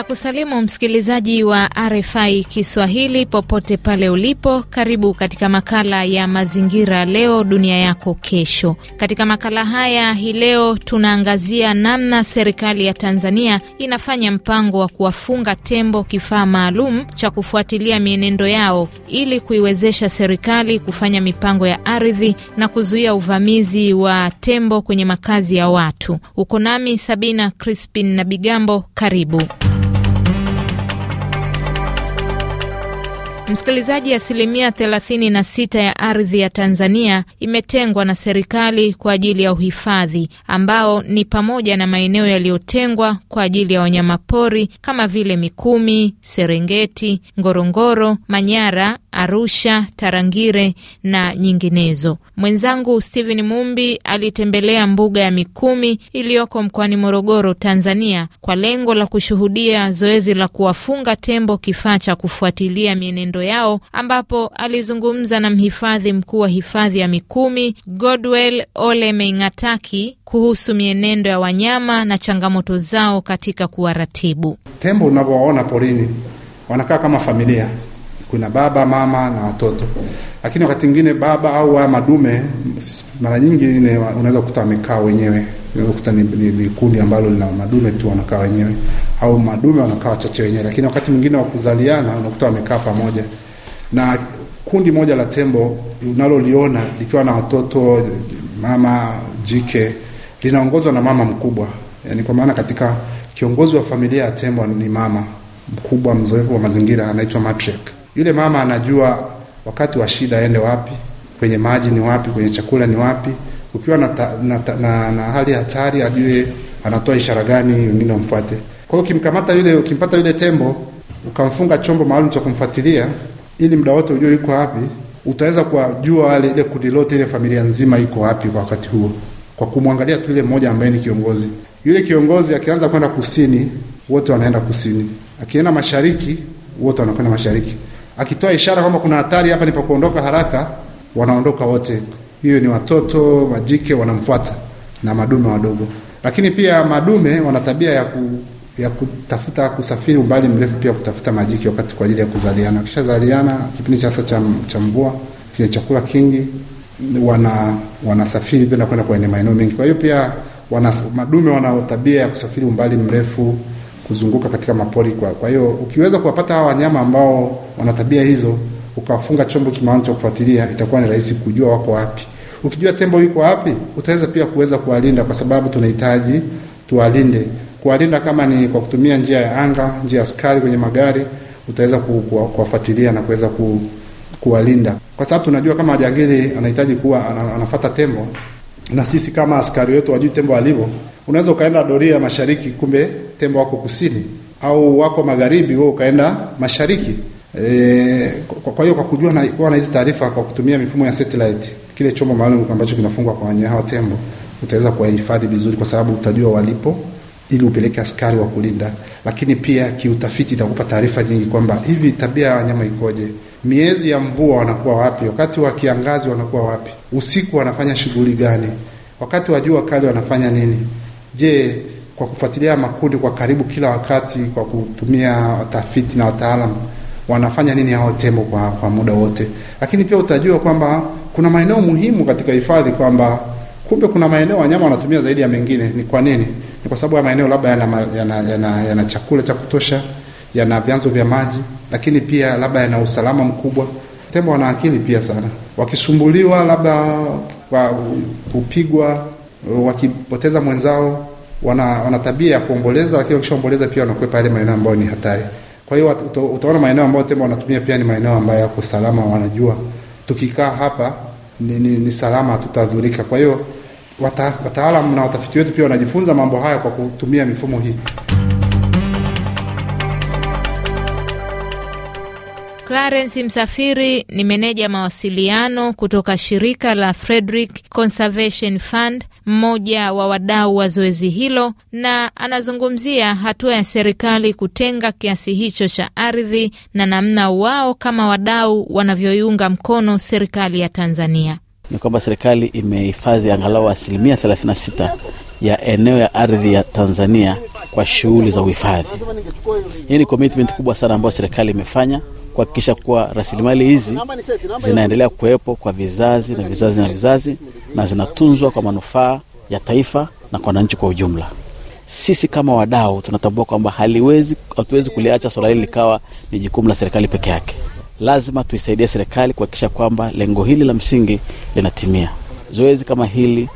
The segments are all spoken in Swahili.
Ninakusalimu msikilizaji wa RFI Kiswahili popote pale ulipo. Karibu katika makala ya mazingira leo dunia yako kesho. Katika makala haya hii leo tunaangazia namna serikali ya Tanzania inafanya mpango wa kuwafunga tembo kifaa maalum cha kufuatilia mienendo yao ili kuiwezesha serikali kufanya mipango ya ardhi na kuzuia uvamizi wa tembo kwenye makazi ya watu. Uko nami Sabina Crispin na Bigambo, karibu. Msikilizaji, asilimia 36 ya ardhi ya Tanzania imetengwa na serikali kwa ajili ya uhifadhi ambao ni pamoja na maeneo yaliyotengwa kwa ajili ya wanyamapori kama vile Mikumi, Serengeti, Ngorongoro, Manyara, Arusha, Tarangire na nyinginezo. Mwenzangu Steven Mumbi alitembelea mbuga ya Mikumi iliyoko mkoani Morogoro, Tanzania, kwa lengo la kushuhudia zoezi la kuwafunga tembo kifaa cha kufuatilia mienendo miundo yao, ambapo alizungumza na mhifadhi mkuu wa hifadhi ya Mikumi Godwell Ole Meingataki kuhusu mienendo ya wanyama na changamoto zao katika kuwaratibu tembo. Unavyowaona porini, wanakaa kama familia, kuna baba, mama na watoto, lakini wakati mwingine baba au haya madume, mara nyingi unaweza kukuta wamekaa wenyewe, unaweza kukuta ni, ni, ni kundi ambalo lina madume tu wanakaa wenyewe au madume wanakaa wachache wenyewe, lakini wakati mwingine wa kuzaliana unakuta wamekaa pamoja. Na kundi moja la tembo unaloliona likiwa na watoto mama jike linaongozwa na mama mkubwa, yani kwa maana katika kiongozi wa familia ya tembo ni mama mkubwa mzoefu wa mazingira, anaitwa matriarch. Yule mama anajua wakati wa shida aende wapi, kwenye maji ni wapi, kwenye chakula ni wapi. Ukiwa na, na, na, na hali hatari, ajue anatoa ishara gani wengine wamfuate. Kwa hiyo ukimkamata yule, ukimpata yule tembo ukamfunga chombo maalum cha kumfuatilia ili muda wote ujue yuko wapi, utaweza kujua wale ile kundi lote, ile familia nzima iko wapi kwa wakati huo, kwa kumwangalia tu yule mmoja ambaye ni kiongozi. Yule kiongozi akianza kwenda kusini, wote wanaenda kusini. Akienda mashariki, wote wanakwenda mashariki. Akitoa ishara kwamba kuna hatari hapa, nipo kuondoka haraka, wanaondoka wote. Hiyo ni watoto, majike wanamfuata na madume wadogo. Lakini pia madume wana tabia ya ku ya kutafuta kusafiri umbali mrefu, pia kutafuta majiki wakati kwa ajili ya kuzaliana. Wakishazaliana kipindi cha sasa cha mvua kile chakula kingi, wana wanasafiri penda kwenda kwenye maeneo mengi. Kwa hiyo pia wana, madume wana tabia ya kusafiri umbali mrefu kuzunguka katika mapori kwa. Kwa hiyo ukiweza kuwapata hawa wanyama ambao wana tabia hizo, ukawafunga chombo kimaalum cha kufuatilia, itakuwa ni rahisi kujua wako wapi. Ukijua tembo yuko wapi, utaweza pia kuweza kuwalinda, kwa sababu tunahitaji tuwalinde kuwalinda kama ni kwa kutumia njia ya anga, njia ya askari kwenye magari, utaweza kuwafuatilia na kuweza ku, kuwalinda, kwa sababu tunajua kama jangili anahitaji kuwa anafata tembo, na sisi kama askari wetu wajui tembo alivyo. Unaweza ukaenda doria mashariki, kumbe tembo wako kusini, au wako magharibi, wewe ukaenda mashariki. E, kwa hiyo kwa kujua na kuwa na hizi taarifa kwa kutumia mifumo ya satellite, kile chombo maalum ambacho kinafungwa kwa wanyama tembo, utaweza kuwahifadhi vizuri, kwa sababu utajua walipo ili upeleke askari wa kulinda, lakini pia kiutafiti itakupa taarifa nyingi kwamba hivi tabia ya wanyama ikoje, miezi ya mvua wanakuwa wapi, wakati wa kiangazi wanakuwa wapi, usiku wanafanya shughuli gani, wakati wa jua kali wanafanya nini. Je, kwa kufuatilia makundi kwa karibu kila wakati, kwa kutumia watafiti na wataalamu, wanafanya nini hao tembo kwa, kwa muda wote. Lakini pia utajua kwamba kuna maeneo muhimu katika hifadhi kwamba kumbe kuna maeneo wanyama wanatumia zaidi ya mengine. Ni kwa nini? ni kwa sababu ya maeneo labda yana, yana, yana, yana chakula cha kutosha, yana vyanzo vya maji, lakini pia labda yana usalama mkubwa. Tembo wana akili pia sana, wakisumbuliwa labda kwa kupigwa, wakipoteza mwenzao, wana, wana tabia ya kuomboleza, lakini wakishaomboleza pia wanakwepa yale maeneo ambayo ni hatari. Kwa hiyo utaona maeneo ambayo tembo wanatumia pia ni maeneo ambayo yako salama, wanajua tukikaa hapa ni, ni, ni salama, hatutadhurika. Kwa hiyo wata, na watafiti wetu pia wanajifunza mambo haya kwa kutumia mifumo hii. Clarence Msafiri ni meneja mawasiliano kutoka shirika la Frederick Conservation Fund, mmoja wa wadau wa zoezi hilo, na anazungumzia hatua ya serikali kutenga kiasi hicho cha ardhi na namna wao kama wadau wanavyoiunga mkono serikali ya Tanzania ni kwamba serikali imehifadhi angalau asilimia 36 ya eneo ya ardhi ya Tanzania kwa shughuli za uhifadhi. Hii ni commitment kubwa sana ambayo serikali imefanya kuhakikisha kuwa rasilimali hizi zinaendelea kuwepo kwa vizazi na vizazi na vizazi na zinatunzwa kwa manufaa ya taifa na kwa wananchi kwa ujumla. Sisi kama wadau tunatambua kwamba haliwezi, hatuwezi kuliacha swala hili likawa ni jukumu la serikali peke yake lazima tuisaidie serikali kuhakikisha kwamba lengo hili la msingi linatimia. Zoezi kama hili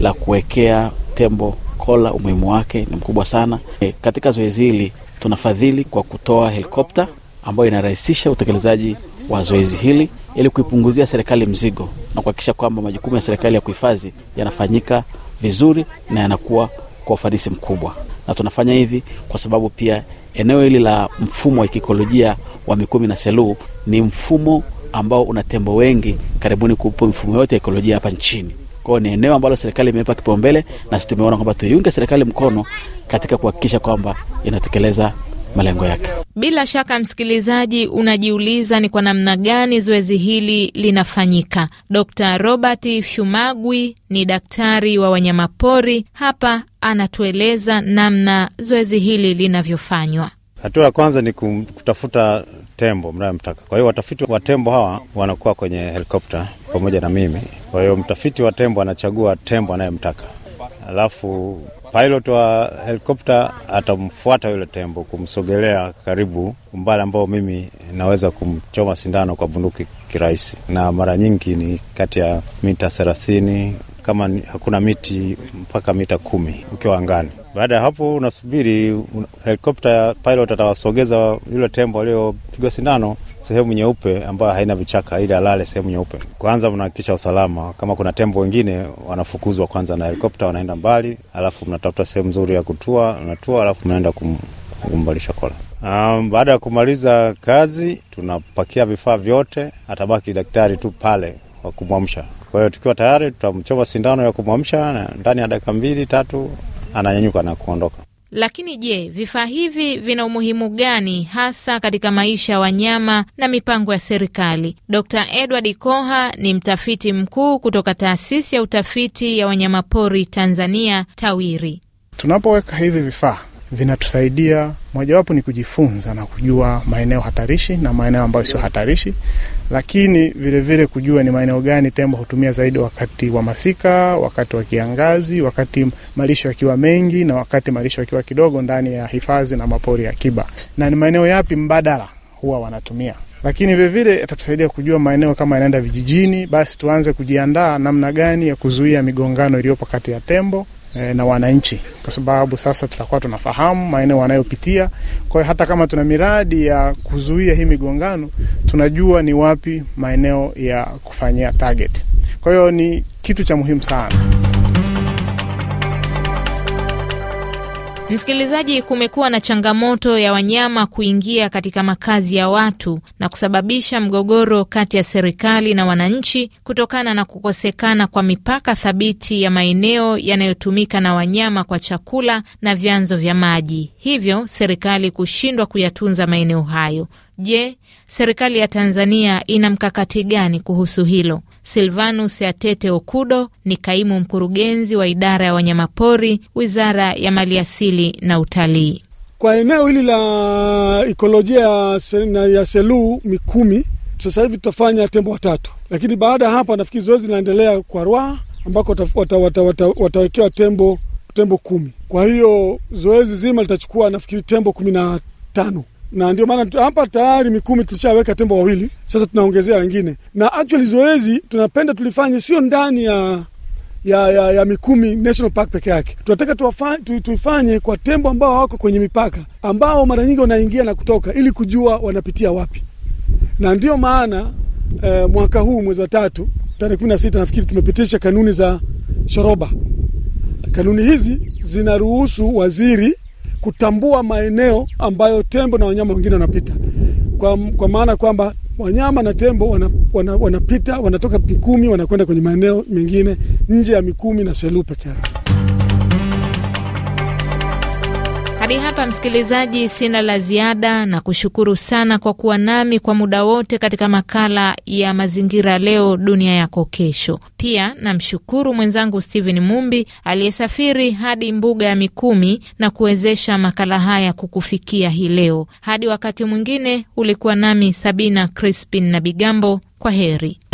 la kuwekea tembo kola, umuhimu wake ni mkubwa sana. E, katika zoezi hili tunafadhili kwa kutoa helikopta ambayo inarahisisha utekelezaji wa zoezi hili ili kuipunguzia serikali mzigo na kuhakikisha kwamba majukumu ya serikali ya kuhifadhi yanafanyika vizuri na yanakuwa kwa ufanisi mkubwa. Na tunafanya hivi kwa sababu pia eneo hili la mfumo wa kiikolojia wa Mikumi na Selu ni mfumo ambao una tembo wengi karibuni kupo mifumo yote ya ekolojia hapa nchini. Kwao ni eneo ambalo serikali imewepa kipaumbele, na sisi tumeona kwamba tuiunge serikali mkono katika kuhakikisha kwamba inatekeleza malengo yake. Bila shaka, msikilizaji, unajiuliza ni kwa namna gani zoezi hili linafanyika. Dr. Robert Shumagwi ni daktari wa wanyamapori hapa, anatueleza namna zoezi hili linavyofanywa. Hatua ya kwanza ni kutafuta tembo mnayemtaka. Kwa hiyo watafiti wa tembo hawa wanakuwa kwenye helikopta pamoja na mimi. Kwa hiyo mtafiti wa tembo anachagua tembo anayemtaka, alafu Pilot wa helikopta atamfuata yule tembo, kumsogelea karibu umbali ambao mimi naweza kumchoma sindano kwa bunduki kirahisi, na mara nyingi ni kati ya mita thelathini kama hakuna miti mpaka mita kumi ukiwa angani. Baada ya hapo unasubiri helikopta, pilot atawasogeza yule tembo aliyopigwa sindano sehemu nyeupe ambayo haina vichaka ili alale sehemu nyeupe. Kwanza mnahakikisha usalama, kama kuna tembo wengine wanafukuzwa kwanza na helikopta, wanaenda mbali, alafu mnatafuta sehemu nzuri ya kutua, natua alafu mnaenda kum, kumbalisha kola. Um, baada ya kumaliza kazi tunapakia vifaa vyote, atabaki daktari tu pale wa kumwamsha. Kwa hiyo tukiwa tayari tutamchoma sindano ya kumwamsha, ndani ya dakika mbili tatu ananyanyuka na kuondoka. Lakini je, vifaa hivi vina umuhimu gani hasa katika maisha ya wanyama na mipango ya serikali? Dr Edward Koha ni mtafiti mkuu kutoka taasisi ya utafiti ya wanyamapori Tanzania TAWIRI. Tunapoweka hivi vifaa vinatusaidia mojawapo ni kujifunza na kujua maeneo hatarishi na maeneo ambayo sio hatarishi, lakini vilevile vile kujua ni maeneo gani tembo hutumia zaidi wakati wa masika, wakati wa kiangazi, wakati malisho yakiwa mengi na wakati malisho yakiwa kidogo ndani ya hifadhi na mapori ya akiba, na ni maeneo yapi mbadala huwa wanatumia lakini vilevile atatusaidia kujua maeneo kama yanaenda vijijini, basi tuanze kujiandaa namna gani ya kuzuia migongano iliyopo kati ya tembo e, na wananchi, kwa sababu sasa tutakuwa tunafahamu maeneo wanayopitia. Kwa hiyo hata kama tuna miradi ya kuzuia hii migongano, tunajua ni wapi maeneo ya kufanyia target. Kwa hiyo ni kitu cha muhimu sana. Msikilizaji, kumekuwa na changamoto ya wanyama kuingia katika makazi ya watu na kusababisha mgogoro kati ya serikali na wananchi kutokana na kukosekana kwa mipaka thabiti ya maeneo yanayotumika na wanyama kwa chakula na vyanzo vya maji, hivyo serikali kushindwa kuyatunza maeneo hayo. Je, serikali ya Tanzania ina mkakati gani kuhusu hilo? Silvanus Atete Okudo ni kaimu mkurugenzi wa idara ya wanyamapori, wizara ya maliasili na utalii. Kwa eneo hili la ikolojia ya seluu Mikumi, sasa hivi tutafanya tembo watatu, lakini baada ya hapa nafikiri zoezi linaendelea kwa Rwaa ambako watawekewa wata, wata, wata tembo tembo kumi. Kwa hiyo zoezi zima litachukua nafikiri tembo kumi na tano na ndio maana hapa tayari Mikumi tulishaweka tembo wawili, sasa tunaongezea wengine. Na actually zoezi tunapenda tulifanye sio ndani ya ya, ya, ya Mikumi National Park peke yake. Tunataka tuifanye kwa tembo ambao wako kwenye mipaka, ambao mara nyingi wanaingia na kutoka, ili kujua wanapitia wapi. Na ndio maana eh, mwaka huu mwezi wa tatu tarehe kumi na sita nafikiri tumepitisha kanuni za shoroba. Kanuni hizi zinaruhusu waziri kutambua maeneo ambayo tembo na wanyama wengine wanapita, kwa, kwa maana kwamba wanyama na tembo wana, wana, wanapita wanatoka Mikumi wanakwenda kwenye maeneo mengine nje ya Mikumi na Selu peke yake. Hadi hapa msikilizaji, sina la ziada na kushukuru sana kwa kuwa nami kwa muda wote katika makala ya mazingira leo dunia yako kesho. Pia namshukuru mwenzangu Steven Mumbi aliyesafiri hadi mbuga ya Mikumi na kuwezesha makala haya kukufikia hii leo. Hadi wakati mwingine, ulikuwa nami Sabina Crispin na Bigambo. Kwa heri.